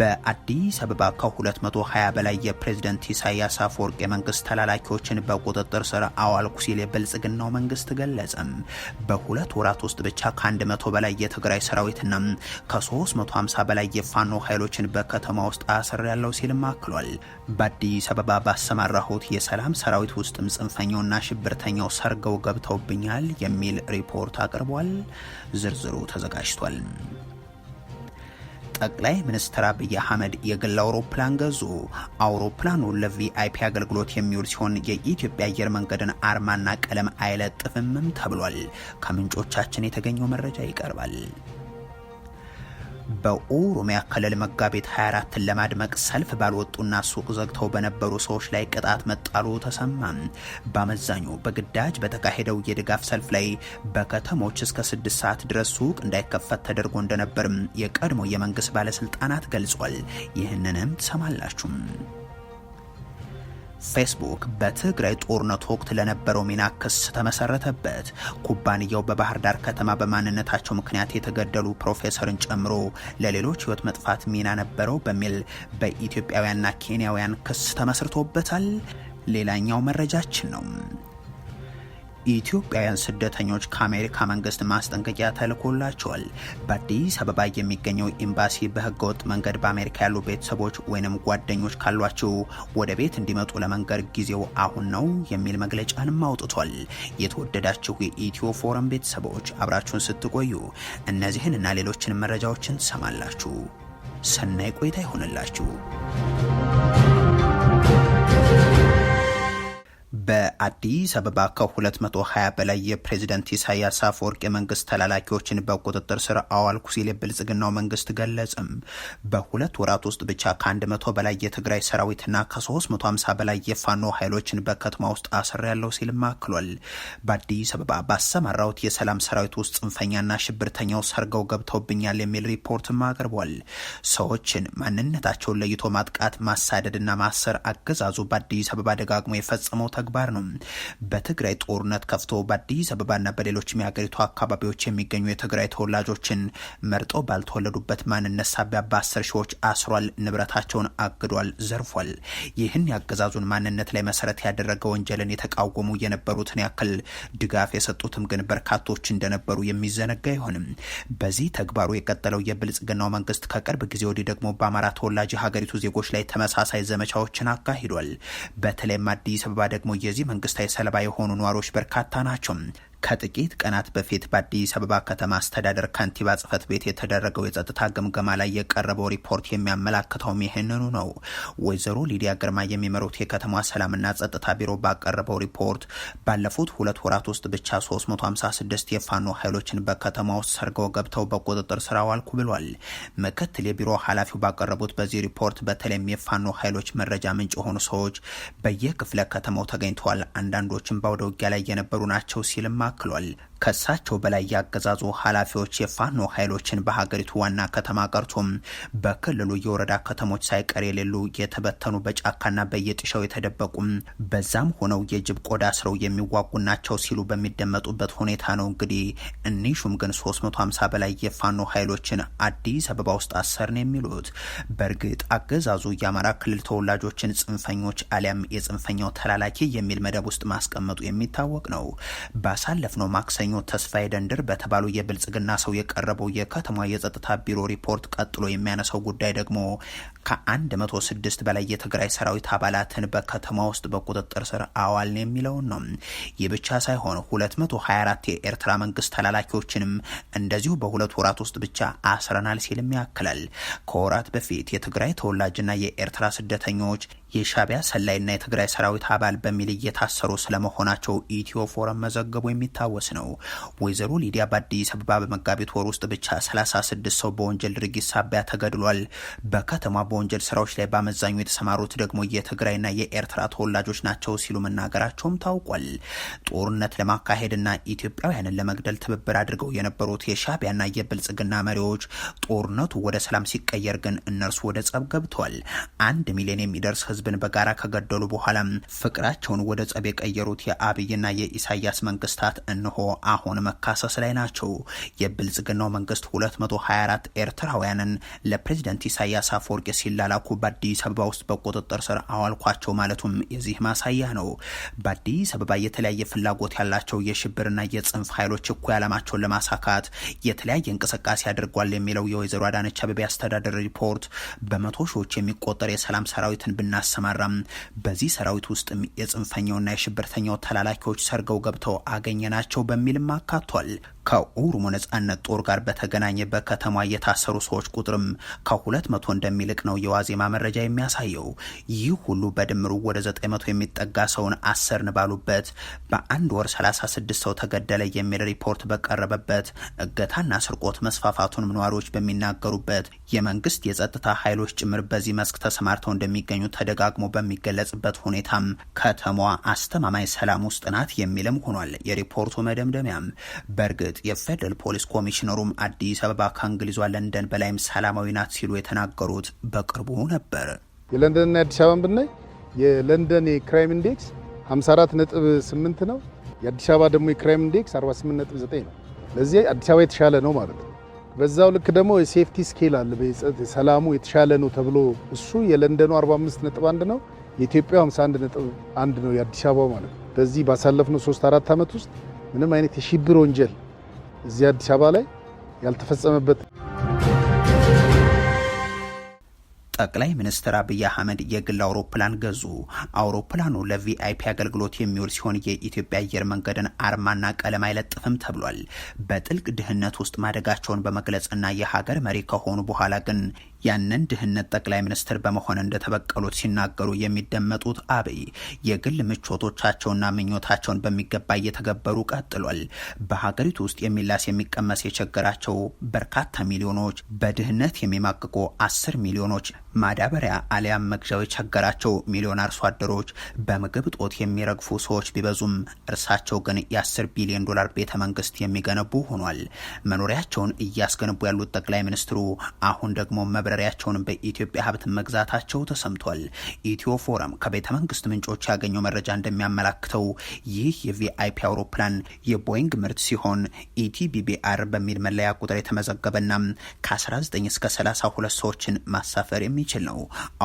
በአዲስ አበባ ከ220 በላይ የፕሬዝደንት ኢሳያስ አፈወርቅ የመንግስት ተላላኪዎችን በቁጥጥር ስር አዋልኩ ሲል የብልጽግናው መንግስት ገለጸም። በሁለት ወራት ውስጥ ብቻ ከ100 በላይ የትግራይ ሰራዊትና ከ350 በላይ የፋኖ ኃይሎችን በከተማ ውስጥ አስር ያለው ሲልም አክሏል። በአዲስ አበባ ባሰማራሁት የሰላም ሰራዊት ውስጥም ጽንፈኛውና ሽብርተኛው ሰርገው ገብተውብኛል የሚል ሪፖርት አቅርቧል። ዝርዝሩ ተዘጋጅቷል። ጠቅላይ ሚኒስትር አብይ አህመድ የግል አውሮፕላን ገዙ። አውሮፕላኑ ለቪአይፒ አገልግሎት የሚውል ሲሆን የኢትዮጵያ አየር መንገድን አርማና ቀለም አይለጥፍምም ተብሏል። ከምንጮቻችን የተገኘው መረጃ ይቀርባል። በኦሮሚያ ክልል መጋቢት 24ን ለማድመቅ ሰልፍ ባልወጡና ሱቅ ዘግተው በነበሩ ሰዎች ላይ ቅጣት መጣሉ ተሰማ። በአመዛኙ በግዳጅ በተካሄደው የድጋፍ ሰልፍ ላይ በከተሞች እስከ 6 ሰዓት ድረስ ሱቅ እንዳይከፈት ተደርጎ እንደነበርም የቀድሞ የመንግስት ባለስልጣናት ገልጿል። ይህንንም ትሰማላችሁም። ፌስቡክ በትግራይ ጦርነት ወቅት ለነበረው ሚና ክስ ተመሰረተበት። ኩባንያው በባህር ዳር ከተማ በማንነታቸው ምክንያት የተገደሉ ፕሮፌሰርን ጨምሮ ለሌሎች ሕይወት መጥፋት ሚና ነበረው በሚል በኢትዮጵያውያንና ኬንያውያን ክስ ተመስርቶበታል። ሌላኛው መረጃችን ነው። ኢትዮጵያውያን ስደተኞች ከአሜሪካ መንግስት ማስጠንቀቂያ ተልኮላቸዋል። በአዲስ አበባ የሚገኘው ኤምባሲ በህገወጥ መንገድ በአሜሪካ ያሉ ቤተሰቦች ወይንም ጓደኞች ካሏቸው ወደ ቤት እንዲመጡ ለመንገድ ጊዜው አሁን ነው የሚል መግለጫንም አውጥቷል። የተወደዳችሁ የኢትዮ ፎረም ቤተሰቦች አብራችሁን ስትቆዩ እነዚህን እና ሌሎችን መረጃዎችን ትሰማላችሁ። ሰናይ ቆይታ ይሆንላችሁ። በአዲስ አበባ ከ220 በላይ የፕሬዚደንት ኢሳያስ አፈወርቅ የመንግስት ተላላኪዎችን በቁጥጥር ስር አዋልኩ ሲል የብልጽግናው መንግስት ገለጽም። በሁለት ወራት ውስጥ ብቻ ከ100 በላይ የትግራይ ሰራዊትና ከ350 በላይ የፋኖ ኃይሎችን በከተማ ውስጥ አስር ያለው ሲል ማክሏል። በአዲስ አበባ ባሰማራውት የሰላም ሰራዊት ውስጥ ጽንፈኛና ሽብርተኛው ሰርገው ገብተውብኛል የሚል ሪፖርትም አቅርቧል። ሰዎችን ማንነታቸውን ለይቶ ማጥቃት፣ ማሳደድና ማሰር አገዛዙ በአዲስ አበባ ደጋግሞ የፈጸመው ተግባር ነው። በትግራይ ጦርነት ከፍቶ በአዲስ አበባና በሌሎችም የሀገሪቱ አካባቢዎች የሚገኙ የትግራይ ተወላጆችን መርጦ ባልተወለዱበት ማንነት ሳቢያ በአስር ሺዎች አስሯል፣ ንብረታቸውን አግዷል፣ ዘርፏል። ይህን የአገዛዙን ማንነት ላይ መሰረት ያደረገ ወንጀልን የተቃወሙ የነበሩትን ያክል ድጋፍ የሰጡትም ግን በርካቶች እንደነበሩ የሚዘነጋ አይሆንም። በዚህ ተግባሩ የቀጠለው የብልጽግናው መንግስት ከቅርብ ጊዜ ወዲህ ደግሞ በአማራ ተወላጅ የሀገሪቱ ዜጎች ላይ ተመሳሳይ ዘመቻዎችን አካሂዷል። በተለይም አዲስ አበባ ደግሞ የዚህ መንግስታዊ ሰለባ የሆኑ ነዋሪዎች በርካታ ናቸው። ከጥቂት ቀናት በፊት በአዲስ አበባ ከተማ አስተዳደር ከንቲባ ጽህፈት ቤት የተደረገው የጸጥታ ግምገማ ላይ የቀረበው ሪፖርት የሚያመላክተውም ይህንኑ ነው። ወይዘሮ ሊዲያ ግርማ የሚመሩት የከተማ ሰላምና ጸጥታ ቢሮ ባቀረበው ሪፖርት ባለፉት ሁለት ወራት ውስጥ ብቻ 356 የፋኖ ኃይሎችን በከተማ ውስጥ ሰርገው ገብተው በቁጥጥር ስር አዋልኩ ብሏል። ምክትል የቢሮ ኃላፊው ባቀረቡት በዚህ ሪፖርት በተለይም የፋኖ ኃይሎች መረጃ ምንጭ የሆኑ ሰዎች በየክፍለ ከተማው ተገኝተዋል፣ አንዳንዶችም በአውደ ውጊያ ላይ የነበሩ ናቸው ሲልም 克罗尔。ከሳቸው በላይ ያገዛዙ ኃላፊዎች የፋኖ ኃይሎችን በሀገሪቱ ዋና ከተማ ቀርቶም በክልሉ የወረዳ ከተሞች ሳይቀር የሌሉ የተበተኑ በጫካና በየጥሻው የተደበቁም በዛም ሆነው የጅብ ቆዳ ስረው የሚዋጉ ናቸው ሲሉ በሚደመጡበት ሁኔታ ነው። እንግዲህ እኒህ ሹም ግን 350 በላይ የፋኖ ኃይሎችን አዲስ አበባ ውስጥ አሰርን የሚሉት በእርግጥ አገዛዙ የአማራ ክልል ተወላጆችን ጽንፈኞች አሊያም የጽንፈኛው ተላላኪ የሚል መደብ ውስጥ ማስቀመጡ የሚታወቅ ነው። ባሳለፍነው ማክሰኞ ጋዜጠኞች ተስፋ ደንድር በተባሉ የብልጽግና ሰው የቀረበው የከተማ የጸጥታ ቢሮ ሪፖርት ቀጥሎ የሚያነሳው ጉዳይ ደግሞ ከ106 በላይ የትግራይ ሰራዊት አባላትን በከተማ ውስጥ በቁጥጥር ስር አዋልን የሚለውን ነው። ይህ ብቻ ሳይሆን 224 የኤርትራ መንግስት ተላላኪዎችንም እንደዚሁ በሁለት ወራት ውስጥ ብቻ አስረናል ሲልም ያክላል። ከወራት በፊት የትግራይ ተወላጅና የኤርትራ ስደተኞች የሻቢያ ሰላይና የትግራይ ሰራዊት አባል በሚል እየታሰሩ ስለመሆናቸው ኢትዮ ፎረም መዘገቡ የሚታወስ ነው። ወይዘሮ ሊዲያ በአዲስ አበባ በመጋቢት ወር ውስጥ ብቻ 36 ሰው በወንጀል ድርጊት ሳቢያ ተገድሏል። በከተማ በወንጀል ስራዎች ላይ በአመዛኙ የተሰማሩት ደግሞ የትግራይና የኤርትራ ተወላጆች ናቸው ሲሉ መናገራቸውም ታውቋል። ጦርነት ለማካሄድና ኢትዮጵያውያንን ለመግደል ትብብር አድርገው የነበሩት የሻቢያና የብልጽግና መሪዎች ጦርነቱ ወደ ሰላም ሲቀየር ግን እነርሱ ወደ ጸብ ገብተዋል። አንድ ሚሊዮን የሚደርስ ህዝብን በጋራ ከገደሉ በኋላ ፍቅራቸውን ወደ ጸብ የቀየሩት የአብይና የኢሳያስ መንግስታት እንሆ አሁን መካሰስ ላይ ናቸው። የብልጽግናው መንግስት 224 ኤርትራውያንን ለፕሬዝደንት ኢሳያስ አፈወርቂ ሲላላኩ በአዲስ አበባ ውስጥ በቁጥጥር ስር አዋልኳቸው ማለቱም የዚህ ማሳያ ነው። በአዲስ አበባ የተለያየ ፍላጎት ያላቸው የሽብርና የጽንፍ ኃይሎች እኩይ ዓላማቸውን ለማሳካት የተለያየ እንቅስቃሴ አድርጓል የሚለው የወይዘሮ አዳነች አበቤ አስተዳደር ሪፖርት በመቶ ሺዎች የሚቆጠር የሰላም ሰራዊትን ብናስ አሰማራም። በዚህ ሰራዊት ውስጥም የጽንፈኛውና የሽብርተኛው ተላላኪዎች ሰርገው ገብተው አገኘናቸው በሚልም አካቷል። ከኦሮሞ ነጻነት ጦር ጋር በተገናኘ በከተማ የታሰሩ ሰዎች ቁጥርም ከሁለት መቶ እንደሚልቅ ነው የዋዜማ መረጃ የሚያሳየው። ይህ ሁሉ በድምሩ ወደ ዘጠኝ መቶ የሚጠጋ ሰውን አሰርን ባሉበት በአንድ ወር 36 ሰው ተገደለ የሚል ሪፖርት በቀረበበት እገታና ስርቆት መስፋፋቱን ነዋሪዎች በሚናገሩበት የመንግስት የጸጥታ ኃይሎች ጭምር በዚህ መስክ ተሰማርተው እንደሚገኙ ተደጋግሞ በሚገለጽበት ሁኔታም ከተማዋ አስተማማኝ ሰላም ውስጥ ናት የሚልም ሆኗል የሪፖርቱ መደምደሚያም በእርግ በማረጋገጥ የፌደራል ፖሊስ ኮሚሽነሩም አዲስ አበባ ከእንግሊዟ ለንደን በላይም ሰላማዊ ናት ሲሉ የተናገሩት በቅርቡ ነበር። የለንደንና የአዲስ አበባን ብናይ የለንደን የክራይም ኢንዴክስ 54.8 ነው። የአዲስ አበባ ደግሞ የክራይም ኢንዴክስ 48.9 ነው። ለዚህ አዲስ አበባ የተሻለ ነው ማለት ነው። በዛው ልክ ደግሞ የሴፍቲ ስኬል አለ። ሰላሙ የተሻለ ነው ተብሎ እሱ የለንደኑ 45.1 ነው። የኢትዮጵያ 51.1 ነው የአዲስ አበባ ማለት ነው። በዚህ ባሳለፍነው 3 4 ዓመት ውስጥ ምንም አይነት የሽብር ወንጀል እዚህ አዲስ አበባ ላይ ያልተፈጸመበት ጠቅላይ ሚኒስትር አብይ አህመድ የግል አውሮፕላን ገዙ። አውሮፕላኑ ለቪአይፒ አገልግሎት የሚውል ሲሆን የኢትዮጵያ አየር መንገድን አርማና ቀለም አይለጥፍም ተብሏል። በጥልቅ ድህነት ውስጥ ማደጋቸውን በመግለጽና የሀገር መሪ ከሆኑ በኋላ ግን ያንን ድህነት ጠቅላይ ሚኒስትር በመሆን እንደተበቀሉት ሲናገሩ የሚደመጡት አብይ የግል ምቾቶቻቸውና ምኞታቸውን በሚገባ እየተገበሩ ቀጥሏል። በሀገሪቱ ውስጥ የሚላስ የሚቀመስ የቸገራቸው በርካታ ሚሊዮኖች፣ በድህነት የሚማቅቁ አስር ሚሊዮኖች፣ ማዳበሪያ አሊያም መግዣው የቸገራቸው ሚሊዮን አርሶ አደሮች፣ በምግብ ጦት የሚረግፉ ሰዎች ቢበዙም እርሳቸው ግን የአስር ቢሊዮን ዶላር ቤተ መንግስት የሚገነቡ ሆኗል። መኖሪያቸውን እያስገነቡ ያሉት ጠቅላይ ሚኒስትሩ አሁን ደግሞ መብረ ላይብረሪያቸውንም በኢትዮጵያ ሀብት መግዛታቸው ተሰምቷል። ኢትዮ ፎረም ከቤተ መንግስት ምንጮች ያገኘው መረጃ እንደሚያመላክተው ይህ የቪአይፒ አውሮፕላን የቦይንግ ምርት ሲሆን ኢቲቢቢአር በሚል መለያ ቁጥር የተመዘገበና ከ19 እስከ 32 ሰዎችን ማሳፈር የሚችል ነው።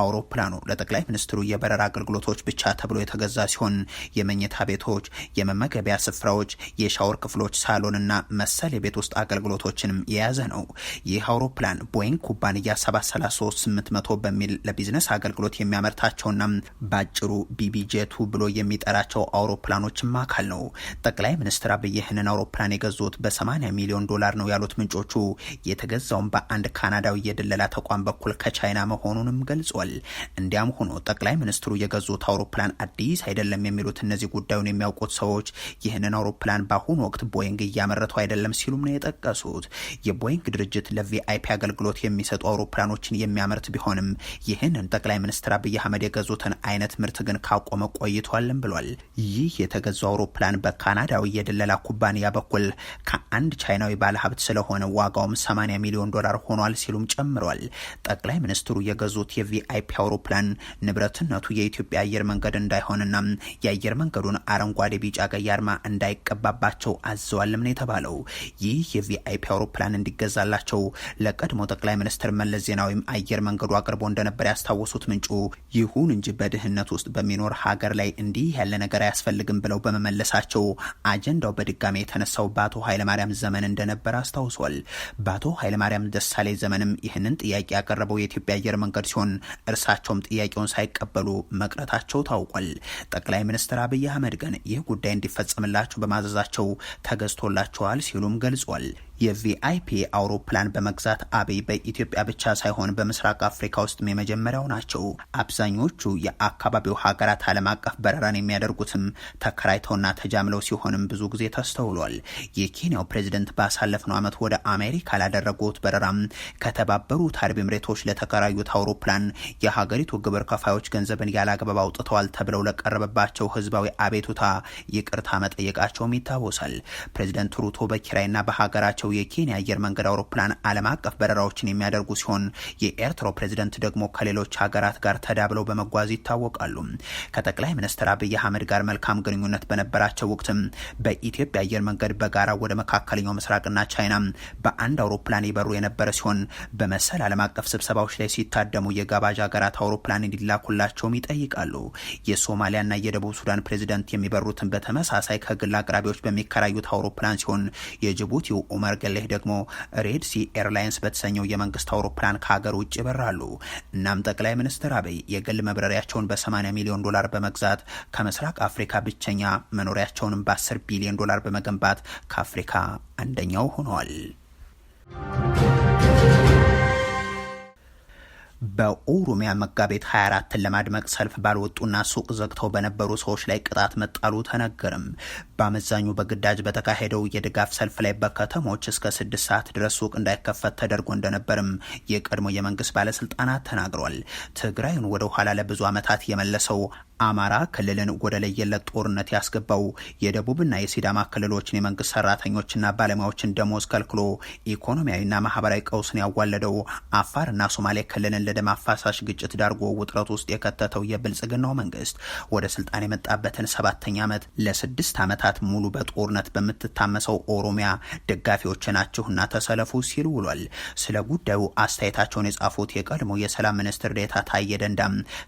አውሮፕላኑ ለጠቅላይ ሚኒስትሩ የበረራ አገልግሎቶች ብቻ ተብሎ የተገዛ ሲሆን የመኝታ ቤቶች፣ የመመገቢያ ስፍራዎች፣ የሻወር ክፍሎች፣ ሳሎንና መሰል የቤት ውስጥ አገልግሎቶችንም የያዘ ነው። ይህ አውሮፕላን ቦይንግ ኩባንያ 73800 በሚል ለቢዝነስ አገልግሎት የሚያመርታቸውና በአጭሩ ቢቢጄቱ ብሎ የሚጠራቸው አውሮፕላኖችም አካል ነው። ጠቅላይ ሚኒስትር አብይ ይህንን አውሮፕላን የገዙት በ80 ሚሊዮን ዶላር ነው ያሉት ምንጮቹ፣ የተገዛውም በአንድ ካናዳዊ የድለላ ተቋም በኩል ከቻይና መሆኑንም ገልጿል። እንዲያም ሆኖ ጠቅላይ ሚኒስትሩ የገዙት አውሮፕላን አዲስ አይደለም የሚሉት እነዚህ ጉዳዩን የሚያውቁት ሰዎች ይህንን አውሮፕላን በአሁኑ ወቅት ቦይንግ እያመረተው አይደለም ሲሉም ነው የጠቀሱት። የቦይንግ ድርጅት ለቪአይፒ አገልግሎት የሚሰጡ አውሮፕላ አውሮፕላኖችን የሚያመርት ቢሆንም ይህንን ጠቅላይ ሚኒስትር አብይ አህመድ የገዙትን አይነት ምርት ግን ካቆመ ቆይቷልም ብሏል። ይህ የተገዛው አውሮፕላን በካናዳዊ የድለላ ኩባንያ በኩል ከአንድ ቻይናዊ ባለሀብት ስለሆነ ዋጋውም 80 ሚሊዮን ዶላር ሆኗል ሲሉም ጨምሯል። ጠቅላይ ሚኒስትሩ የገዙት የቪአይፒ አውሮፕላን ንብረትነቱ የኢትዮጵያ አየር መንገድ እንዳይሆንና የአየር መንገዱን አረንጓዴ፣ ቢጫ፣ ቀይ አርማ እንዳይቀባባቸው አዘዋልም ነው የተባለው። ይህ የቪአይፒ አውሮፕላን እንዲገዛላቸው ለቀድሞ ጠቅላይ ሚኒስትር መለስ ዜናዊም አየር መንገዱ አቅርቦ እንደነበር ያስታወሱት ምንጩ ይሁን እንጂ በድህነት ውስጥ በሚኖር ሀገር ላይ እንዲህ ያለ ነገር አያስፈልግም ብለው በመመለሳቸው አጀንዳው በድጋሚ የተነሳው በአቶ ኃይለማርያም ዘመን እንደነበር አስታውሷል። በአቶ ኃይለማርያም ደሳሌ ዘመንም ይህንን ጥያቄ ያቀረበው የኢትዮጵያ አየር መንገድ ሲሆን እርሳቸውም ጥያቄውን ሳይቀበሉ መቅረታቸው ታውቋል። ጠቅላይ ሚኒስትር አብይ አህመድ ግን ይህ ጉዳይ እንዲፈጸምላቸው በማዘዛቸው ተገዝቶላቸዋል ሲሉም ገልጿል። የቪአይፒ አውሮፕላን በመግዛት አብይ በኢትዮጵያ ብቻ ሳይሆን በምስራቅ አፍሪካ ውስጥም የመጀመሪያው ናቸው። አብዛኞቹ የአካባቢው ሀገራት ዓለም አቀፍ በረራን የሚያደርጉትም ተከራይተውና ተጃምለው ሲሆንም ብዙ ጊዜ ተስተውሏል። የኬንያው ፕሬዚደንት ባሳለፍነው ዓመት ወደ አሜሪካ ላደረጉት በረራም ከተባበሩት አረብ ኤምሬቶች ለተከራዩት አውሮፕላን የሀገሪቱ ግብር ከፋዮች ገንዘብን ያላግባብ አውጥተዋል ተብለው ለቀረበባቸው ህዝባዊ አቤቱታ ይቅርታ መጠየቃቸውም ይታወሳል። ፕሬዚደንት ሩቶ በኪራይና በሀገራቸው ያላቸው የኬንያ አየር መንገድ አውሮፕላን ዓለም አቀፍ በረራዎችን የሚያደርጉ ሲሆን የኤርትራው ፕሬዝደንት ደግሞ ከሌሎች ሀገራት ጋር ተዳብለው በመጓዝ ይታወቃሉ። ከጠቅላይ ሚኒስትር አብይ አህመድ ጋር መልካም ግንኙነት በነበራቸው ወቅትም በኢትዮጵያ አየር መንገድ በጋራ ወደ መካከለኛው ምስራቅና ቻይና በአንድ አውሮፕላን ይበሩ የነበረ ሲሆን በመሰል ዓለም አቀፍ ስብሰባዎች ላይ ሲታደሙ የጋባዥ ሀገራት አውሮፕላን እንዲላኩላቸውም ይጠይቃሉ። የሶማሊያና የደቡብ ሱዳን ፕሬዝደንት የሚበሩትን በተመሳሳይ ከግል አቅራቢዎች በሚከራዩት አውሮፕላን ሲሆን የጅቡቲው ኡመር መርገሌህ ደግሞ ሬድ ሲ ኤርላይንስ በተሰኘው የመንግስት አውሮፕላን ከሀገር ውጭ ይበራሉ። እናም ጠቅላይ ሚኒስትር አብይ የግል መብረሪያቸውን በ80 ሚሊዮን ዶላር በመግዛት ከምስራቅ አፍሪካ ብቸኛ መኖሪያቸውንም በ10 ቢሊዮን ዶላር በመገንባት ከአፍሪካ አንደኛው ሆነዋል። በኦሮሚያ መጋቢት 24ን ለማድመቅ ሰልፍ ባልወጡና ሱቅ ዘግተው በነበሩ ሰዎች ላይ ቅጣት መጣሉ ተነገርም። በአመዛኙ በግዳጅ በተካሄደው የድጋፍ ሰልፍ ላይ በከተሞች እስከ ስድስት ሰዓት ድረስ ሱቅ እንዳይከፈት ተደርጎ እንደነበርም የቀድሞ የመንግስት ባለስልጣናት ተናግሯል። ትግራይን ወደ ኋላ ለብዙ ዓመታት የመለሰው አማራ ክልልን ወደ ለየለት ጦርነት ያስገባው የደቡብና የሲዳማ ክልሎችን የመንግስት ሰራተኞችና ባለሙያዎችን ደሞዝ ከልክሎ ኢኮኖሚያዊና ማህበራዊ ቀውስን ያዋለደው አፋርና ሶማሌ ክልልን ለደም አፋሳሽ ግጭት ዳርጎ ውጥረት ውስጥ የከተተው የብልጽግናው መንግስት ወደ ስልጣን የመጣበትን ሰባተኛ ዓመት ለስድስት ዓመታት ዓመታት ሙሉ በጦርነት በምትታመሰው ኦሮሚያ ደጋፊዎች ናችሁና ተሰለፉ ሲል ውሏል። ስለ ጉዳዩ አስተያየታቸውን የጻፉት የቀድሞ የሰላም ሚኒስትር ዴታ ታዬ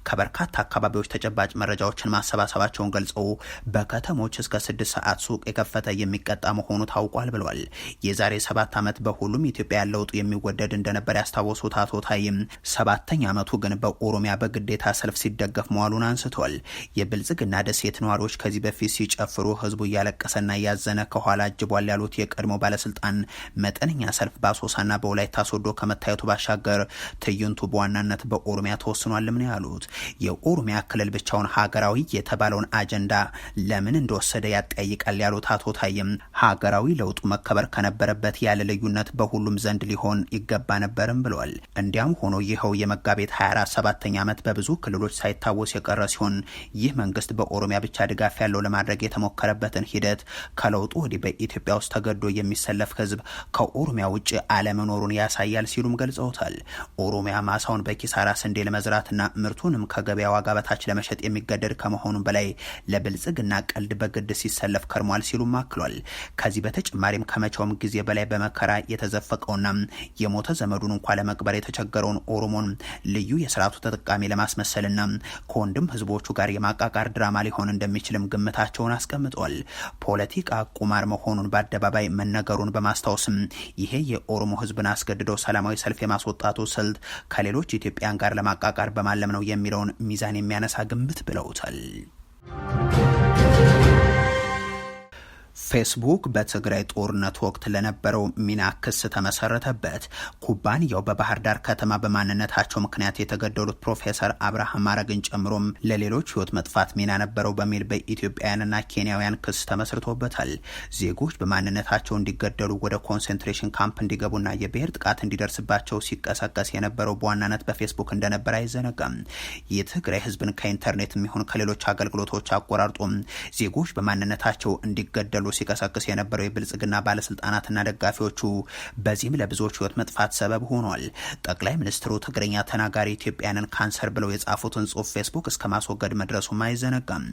ከበርካታ አካባቢዎች ተጨባጭ መረጃዎችን ማሰባሰባቸውን ገልጸው በከተሞች እስከ ስድስት ሰዓት ሱቅ የከፈተ የሚቀጣ መሆኑ ታውቋል ብሏል። የዛሬ ሰባት ዓመት በሁሉም ኢትዮጵያ ለውጡ የሚወደድ እንደነበር ያስታወሱት አቶ ታይም ሰባተኛ ዓመቱ ግን በኦሮሚያ በግዴታ ሰልፍ ሲደገፍ መዋሉን አንስተዋል። የብልጽግና ደሴት ነዋሪዎች ከዚህ በፊት ሲጨፍሩ ህዝቡ እያለቀሰና እያዘነ ከኋላ አጅቧል ያሉት የቀድሞ ባለስልጣን መጠነኛ ሰልፍ በአሶሳና በወላይታ ሶዶ ከመታየቱ ባሻገር ትዕይንቱ በዋናነት በኦሮሚያ ተወስኗል። ምን ያሉት የኦሮሚያ ክልል ብቻውን ሀገራዊ የተባለውን አጀንዳ ለምን እንደወሰደ ያጠያይቃል ያሉት አቶ ታይም ሀገራዊ ለውጡ መከበር ከነበረበት ያለ ልዩነት በሁሉም ዘንድ ሊሆን ይገባ ነበርም ብሏል። እንዲያም ሆኖ ይኸው የመጋቤት 24 ሰባተኛ ዓመት በብዙ ክልሎች ሳይታወስ የቀረ ሲሆን ይህ መንግስት በኦሮሚያ ብቻ ድጋፍ ያለው ለማድረግ የተሞከረበት የመበተን ሂደት ከለውጡ ወዲህ በኢትዮጵያ ውስጥ ተገዶ የሚሰለፍ ህዝብ ከኦሮሚያ ውጭ አለመኖሩን ያሳያል ሲሉም ገልጸውታል። ኦሮሚያ ማሳውን በኪሳራ ስንዴ ለመዝራትና ምርቱንም ከገበያ ዋጋ በታች ለመሸጥ የሚገደድ ከመሆኑም በላይ ለብልጽግና ቀልድ በግድ ሲሰለፍ ከርሟል ሲሉም አክሏል። ከዚህ በተጨማሪም ከመቼውም ጊዜ በላይ በመከራ የተዘፈቀውና የሞተ ዘመዱን እንኳ ለመቅበር የተቸገረውን ኦሮሞን ልዩ የስርዓቱ ተጠቃሚ ለማስመሰልና ከወንድም ህዝቦቹ ጋር የማቃቃር ድራማ ሊሆን እንደሚችልም ግምታቸውን አስቀምጠዋል። ፖለቲካ ቁማር መሆኑን በአደባባይ መነገሩን በማስታወስም ይሄ የኦሮሞ ህዝብን አስገድዶ ሰላማዊ ሰልፍ የማስወጣቱ ስልት ከሌሎች ኢትዮጵያን ጋር ለማቃቃር በማለም ነው የሚለውን ሚዛን የሚያነሳ ግምት ብለውታል። ፌስቡክ በትግራይ ጦርነት ወቅት ለነበረው ሚና ክስ ተመሰረተበት። ኩባንያው በባህር ዳር ከተማ በማንነታቸው ምክንያት የተገደሉት ፕሮፌሰር አብርሃም ማረግን ጨምሮም ለሌሎች ህይወት መጥፋት ሚና ነበረው በሚል በኢትዮጵያውያንና ኬንያውያን ክስ ተመስርቶበታል። ዜጎች በማንነታቸው እንዲገደሉ፣ ወደ ኮንሰንትሬሽን ካምፕ እንዲገቡና የብሔር ጥቃት እንዲደርስባቸው ሲቀሰቀስ የነበረው በዋናነት በፌስቡክ እንደነበር አይዘነጋም። የትግራይ ህዝብን ከኢንተርኔት የሚሆን ከሌሎች አገልግሎቶች አቆራርጦም ዜጎች በማንነታቸው እንዲገደሉ ሲቀሰቅስ የነበረው የብልጽግና ባለስልጣናትና ደጋፊዎቹ በዚህም ለብዙዎች ህይወት መጥፋት ሰበብ ሆኗል። ጠቅላይ ሚኒስትሩ ትግርኛ ተናጋሪ ኢትዮጵያንን ካንሰር ብለው የጻፉትን ጽሁፍ ፌስቡክ እስከ ማስወገድ መድረሱም አይዘነጋም።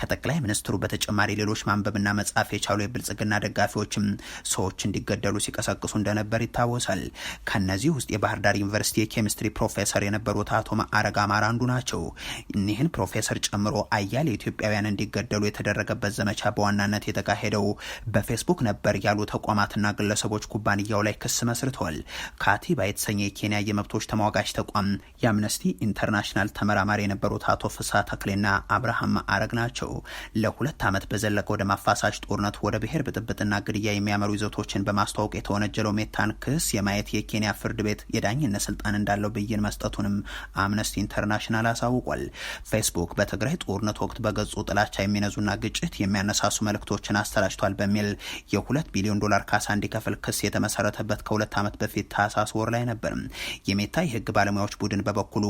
ከጠቅላይ ሚኒስትሩ በተጨማሪ ሌሎች ማንበብና መጻፍ የቻሉ የብልጽግና ደጋፊዎችም ሰዎች እንዲገደሉ ሲቀሰቅሱ እንደነበር ይታወሳል። ከነዚህ ውስጥ የባህር ዳር ዩኒቨርሲቲ የኬሚስትሪ ፕሮፌሰር የነበሩት አቶ ማዕረግ አማረ አንዱ ናቸው። እኒህን ፕሮፌሰር ጨምሮ አያሌ ኢትዮጵያውያን እንዲገደሉ የተደረገበት ዘመቻ በዋናነት የተካሄደው ነው። በፌስቡክ ነበር ያሉ ተቋማትና ግለሰቦች ኩባንያው ላይ ክስ መስርተዋል። ካቲባ የተሰኘ የኬንያ የመብቶች ተሟጋች ተቋም የአምነስቲ ኢንተርናሽናል ተመራማሪ የነበሩት አቶ ፍሳ ተክሌና አብርሃም አረግ ናቸው። ለሁለት ዓመት በዘለቀ ወደ ማፋሳሽ ጦርነት ወደ ብሔር ብጥብጥና ግድያ የሚያመሩ ይዘቶችን በማስተዋወቅ የተወነጀለው ሜታን ክስ የማየት የኬንያ ፍርድ ቤት የዳኝነት ስልጣን እንዳለው ብይን መስጠቱንም አምነስቲ ኢንተርናሽናል አሳውቋል። ፌስቡክ በትግራይ ጦርነት ወቅት በገጹ ጥላቻ የሚነዙና ግጭት የሚያነሳሱ መልእክቶችን አስተላልፏል ተዘጋጅቷል በሚል የሁለት ቢሊዮን ዶላር ካሳ እንዲከፍል ክስ የተመሰረተበት ከሁለት ዓመት በፊት ታህሳስ ወር ላይ ነበር። የሜታ የህግ ባለሙያዎች ቡድን በበኩሉ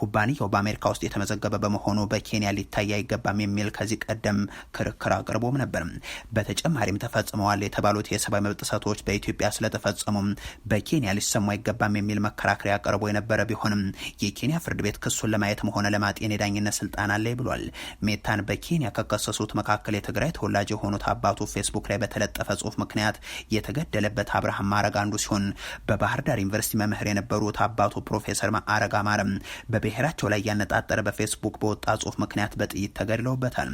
ኩባንያው በአሜሪካ ውስጥ የተመዘገበ በመሆኑ በኬንያ ሊታይ አይገባም የሚል ከዚህ ቀደም ክርክር አቅርቦም ነበር። በተጨማሪም ተፈጽመዋል የተባሉት የሰብአዊ መብት ጥሰቶች በኢትዮጵያ ስለተፈጸሙም በኬንያ ሊሰሙ አይገባም የሚል መከራከሪያ አቅርቦ የነበረ ቢሆንም የኬንያ ፍርድ ቤት ክሱን ለማየትም ሆነ ለማጤን የዳኝነት ስልጣን አለ ብሏል። ሜታን በኬንያ ከከሰሱት መካከል የትግራይ ተወላጅ የሆኑት አባቱ ፌስቡክ ላይ በተለጠፈ ጽሁፍ ምክንያት የተገደለበት አብርሃም ማረግ አንዱ ሲሆን በባህር ዳር ዩኒቨርሲቲ መምህር የነበሩት አባቱ ፕሮፌሰር ማዕረግ አማረም በብሔራቸው ላይ ያነጣጠረ በፌስቡክ በወጣ ጽሁፍ ምክንያት በጥይት ተገድለውበታል።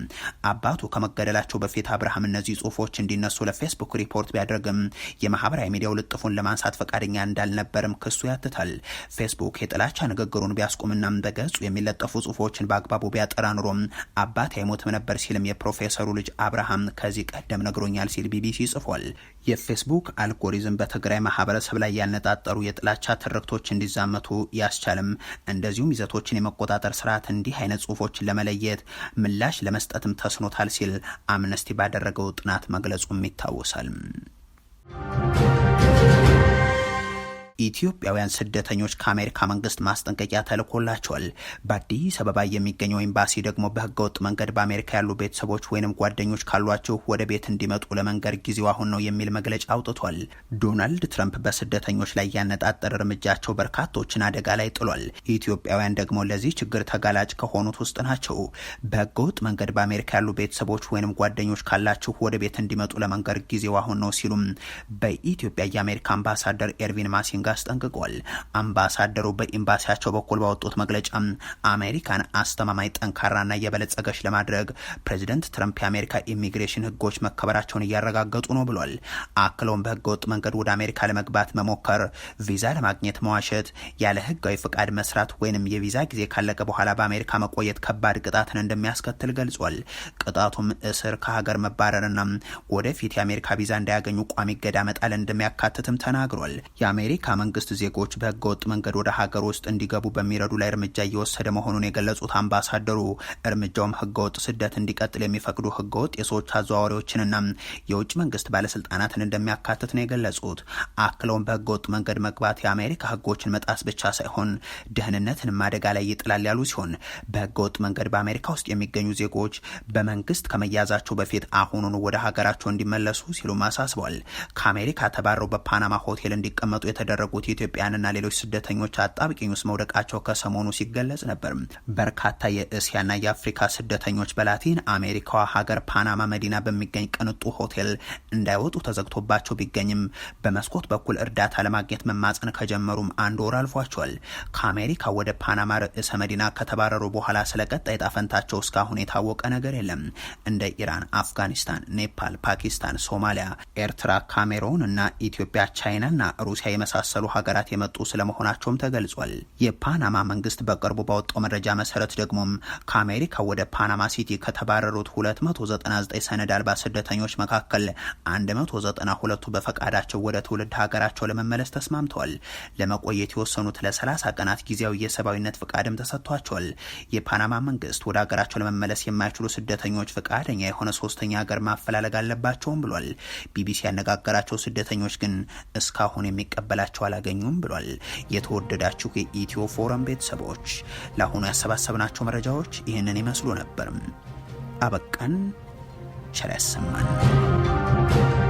አባቱ ከመገደላቸው በፊት አብርሃም እነዚህ ጽሁፎች እንዲነሱ ለፌስቡክ ሪፖርት ቢያደርግም የማህበራዊ ሚዲያው ልጥፉን ለማንሳት ፈቃደኛ እንዳልነበርም ክሱ ያትታል። ፌስቡክ የጥላቻ ንግግሩን ቢያስቁምና በገጹ የሚለጠፉ ጽሁፎችን በአግባቡ ቢያጠራ ኑሮም አባት አይሞትም ነበር ሲልም የፕሮፌሰሩ ልጅ አብርሃም ከዚህ ቀደም ቀደም ነግሮኛል ሲል ቢቢሲ ጽፏል። የፌስቡክ አልጎሪዝም በትግራይ ማህበረሰብ ላይ ያነጣጠሩ የጥላቻ ትርክቶች እንዲዛመቱ ያስቻልም፣ እንደዚሁም ይዘቶችን የመቆጣጠር ስርዓት እንዲህ አይነት ጽሁፎችን ለመለየት ምላሽ ለመስጠትም ተስኖታል ሲል አምነስቲ ባደረገው ጥናት መግለጹም ይታወሳል። ኢትዮጵያውያን ስደተኞች ከአሜሪካ መንግስት ማስጠንቀቂያ ተልኮላቸዋል። በአዲስ አበባ የሚገኘው ኤምባሲ ደግሞ በህገወጥ መንገድ በአሜሪካ ያሉ ቤተሰቦች ወይንም ጓደኞች ካሏቸው ወደ ቤት እንዲመጡ ለመንገድ ጊዜው አሁን ነው የሚል መግለጫ አውጥቷል። ዶናልድ ትራምፕ በስደተኞች ላይ ያነጣጠረ እርምጃቸው በርካቶችን አደጋ ላይ ጥሏል። ኢትዮጵያውያን ደግሞ ለዚህ ችግር ተጋላጭ ከሆኑት ውስጥ ናቸው። በህገወጥ መንገድ በአሜሪካ ያሉ ቤተሰቦች ወይንም ጓደኞች ካላችሁ ወደ ቤት እንዲመጡ ለመንገድ ጊዜው አሁን ነው ሲሉም በኢትዮጵያ የአሜሪካ አምባሳደር ኤርቪን ማሲንግ እንዲያደርጉም አስጠንቅቋል። አምባሳደሩ በኤምባሲያቸው በኩል ባወጡት መግለጫ አሜሪካን አስተማማኝ ጠንካራና የበለጸገች ለማድረግ ፕሬዚደንት ትራምፕ የአሜሪካ ኢሚግሬሽን ህጎች መከበራቸውን እያረጋገጡ ነው ብሏል። አክለውም በህገወጥ መንገድ ወደ አሜሪካ ለመግባት መሞከር፣ ቪዛ ለማግኘት መዋሸት፣ ያለ ህጋዊ ፍቃድ መስራት ወይንም የቪዛ ጊዜ ካለቀ በኋላ በአሜሪካ መቆየት ከባድ ቅጣትን እንደሚያስከትል ገልጿል። ቅጣቱም እስር፣ ከሀገር መባረርና ወደፊት የአሜሪካ ቪዛ እንዳያገኙ ቋሚ እገዳ መጣል እንደሚያካትትም ተናግሯል። የአሜሪካ መንግስት ዜጎች በህገወጥ መንገድ ወደ ሀገር ውስጥ እንዲገቡ በሚረዱ ላይ እርምጃ እየወሰደ መሆኑን የገለጹት አምባሳደሩ እርምጃውም ህገወጥ ስደት እንዲቀጥል የሚፈቅዱ ህገወጥ የሰዎች አዘዋዋሪዎችንና የውጭ መንግስት ባለስልጣናትን እንደሚያካትት ነው የገለጹት። አክለውም በህገወጥ መንገድ መግባት የአሜሪካ ህጎችን መጣስ ብቻ ሳይሆን ደህንነትንም አደጋ ላይ ይጥላል ያሉ ሲሆን በህገወጥ መንገድ በአሜሪካ ውስጥ የሚገኙ ዜጎች በመንግስት ከመያዛቸው በፊት አሁኑን ወደ ሀገራቸው እንዲመለሱ ሲሉም አሳስበዋል። ከአሜሪካ ተባረው በፓናማ ሆቴል እንዲቀመጡ የተደረጉ ያደረጉት ኢትዮጵያንና ሌሎች ስደተኞች አጣብቂኝ ውስጥ መውደቃቸው ከሰሞኑ ሲገለጽ ነበር። በርካታ የእስያና የአፍሪካ ስደተኞች በላቲን አሜሪካዋ ሀገር ፓናማ መዲና በሚገኝ ቅንጡ ሆቴል እንዳይወጡ ተዘግቶባቸው ቢገኝም በመስኮት በኩል እርዳታ ለማግኘት መማፀን ከጀመሩም አንድ ወር አልፏቸዋል። ከአሜሪካ ወደ ፓናማ ርዕሰ መዲና ከተባረሩ በኋላ ስለቀጣ የጣፈንታቸው እስካሁን የታወቀ ነገር የለም። እንደ ኢራን፣ አፍጋኒስታን፣ ኔፓል፣ ፓኪስታን፣ ሶማሊያ፣ ኤርትራ፣ ካሜሮን እና ኢትዮጵያ፣ ቻይናና ሩሲያ የመሳሰሉ ከመሰሉ ሀገራት የመጡ ስለመሆናቸውም ተገልጿል። የፓናማ መንግስት በቅርቡ ባወጣው መረጃ መሰረት ደግሞም ከአሜሪካ ወደ ፓናማ ሲቲ ከተባረሩት 299 ሰነድ አልባ ስደተኞች መካከል 192ቱ በፈቃዳቸው ወደ ትውልድ ሀገራቸው ለመመለስ ተስማምተዋል። ለመቆየት የወሰኑት ለ30 ቀናት ጊዜያዊ የሰብአዊነት ፍቃድም ተሰጥቷቸዋል። የፓናማ መንግስት ወደ ሀገራቸው ለመመለስ የማይችሉ ስደተኞች ፈቃደኛ የሆነ ሶስተኛ ሀገር ማፈላለግ አለባቸውም ብሏል። ቢቢሲ ያነጋገራቸው ስደተኞች ግን እስካሁን የሚቀበላቸው አላገኙም ብሏል። የተወደዳችሁ የኢትዮ ፎረም ቤተሰቦች ለአሁኑ ያሰባሰብናቸው መረጃዎች ይህንን ይመስሉ ነበርም። አበቃን። ቸር ያሰማን።